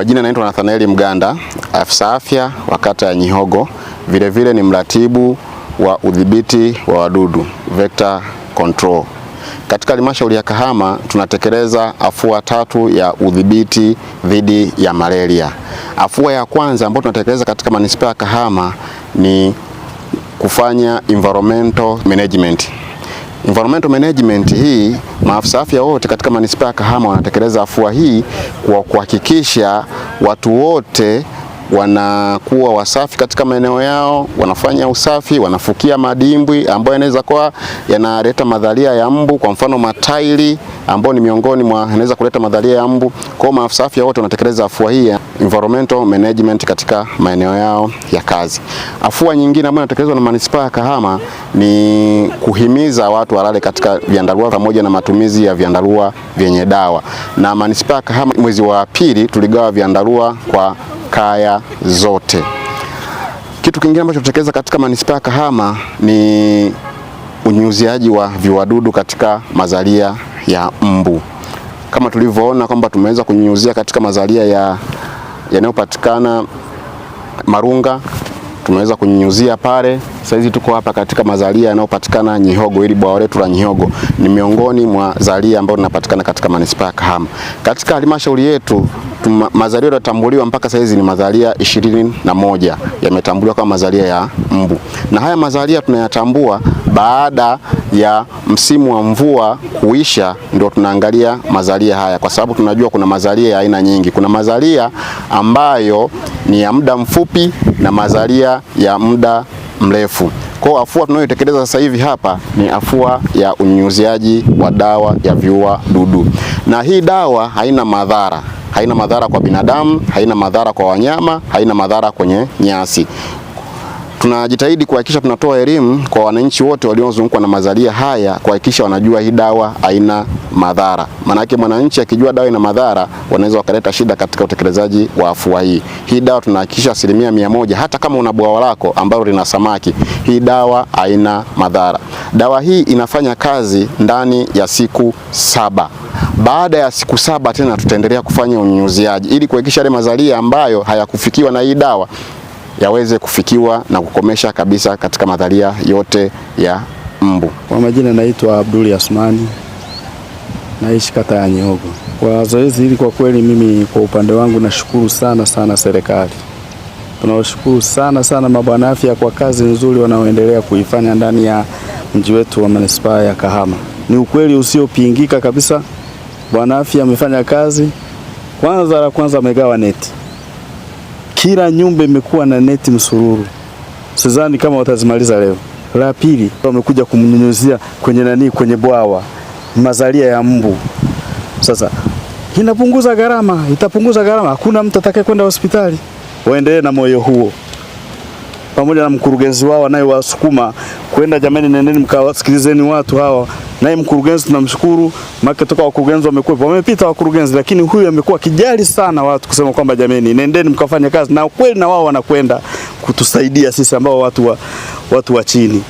Kwa jina naitwa Nathanaeli Mganda, afisa afya wa kata ya Nyihogo, vilevile vile ni mratibu wa udhibiti wa wadudu vector control. Katika halmashauri ya Kahama tunatekeleza afua tatu ya udhibiti dhidi ya malaria. Afua ya kwanza ambayo tunatekeleza katika manispaa ya Kahama ni kufanya environmental management Environmental management hii, maafisa afya wote katika manispaa ya Kahama wanatekeleza afua hii kwa kuhakikisha watu wote wanakuwa wasafi katika maeneo yao, wanafanya usafi, wanafukia madimbwi ambayo yanaweza kuwa yanaleta madharia ya mbu, kwa mfano matairi ambao ni miongoni mwa anaweza kuleta madhalia ya mbu. Kwa maafisa afya wote wanatekeleza afua hii ya environmental management katika maeneo yao ya kazi. Afua nyingine ambayo inatekelezwa na manispaa ya Kahama ni kuhimiza watu walale katika vyandarua pamoja na matumizi ya vyandarua vyenye dawa. Na manispaa ya Kahama mwezi wa pili tuligawa vyandarua kwa kaya zote. Kitu kingine ambacho tutekeleza katika manispaa ya Kahama ni unyunyuziaji wa viwadudu katika mazalia ya mbu. Kama tulivyoona kwamba tumeweza kunyunyuzia katika mazalia ya yanayopatikana Marunga, tumeweza kunyunyuzia pale. Sasa hizi tuko hapa katika mazalia yanayopatikana Nyihogo, ili bwawa letu la Nyihogo ni miongoni mwa zalia ambayo linapatikana katika manispaa ya Kahama. Katika halmashauri yetu mazalia yaliyotambuliwa mpaka sasa hizi ni mazalia ishirini na moja yametambuliwa kama mazalia ya mbu, na haya mazalia tunayatambua baada ya msimu wa mvua kuisha ndio tunaangalia mazalia haya, kwa sababu tunajua kuna mazalia ya aina nyingi. Kuna mazalia ambayo ni ya muda mfupi na mazalia ya muda mrefu. Kwa afua tunayotekeleza sasa hivi hapa ni afua ya unyunyuziaji wa dawa ya viua dudu, na hii dawa haina madhara haina madhara kwa binadamu, haina madhara kwa wanyama, haina madhara kwenye nyasi tunajitahidi kuhakikisha tunatoa elimu kwa wananchi wote waliozungukwa na mazalia haya, kuhakikisha wanajua hii dawa haina madhara. Maanake mwananchi akijua dawa ina madhara, wanaweza wakaleta shida katika utekelezaji wa afua hii. Hii dawa tunahakikisha asilimia mia moja, hata kama una bwawa lako ambalo lina samaki, hii dawa haina madhara. Dawa hii inafanya kazi ndani ya siku saba. Baada ya siku saba tena tutaendelea kufanya unyunyuziaji ili kuhakikisha yale mazalia ambayo hayakufikiwa na hii dawa yaweze kufikiwa na kukomesha kabisa katika madharia yote ya mbu. Kwa majina naitwa Abduli Asmani, naishi kata ya Nyogo. Kwa zoezi hili kwa kweli, mimi kwa upande wangu nashukuru sana sana serikali, tunawashukuru sana sana mabwana afya kwa kazi nzuri wanaoendelea kuifanya ndani ya mji wetu wa manispaa ya Kahama. Ni ukweli usiopingika kabisa, bwana afya amefanya kazi. Kwanza la kwanza amegawa neti kila nyumba imekuwa na neti msururu, sidhani kama watazimaliza leo. La pili wamekuja kumnyunyuzia kwenye nani, kwenye bwawa mazalia ya mbu. Sasa inapunguza gharama, itapunguza gharama, hakuna mtu atakaye kwenda hospitali. Waendelee na moyo huo, pamoja na mkurugenzi wao anayewasukuma kwenda, jamani, nendeni mkawasikilizeni watu hawa naye mkurugenzi tunamshukuru, maana toka wakurugenzi wamekuwepo, wamepita wakurugenzi, lakini huyu amekuwa kijali sana watu kusema kwamba jameni, nendeni mkafanye kazi, na kweli na wao wanakwenda kutusaidia sisi ambao watu wa, watu wa chini.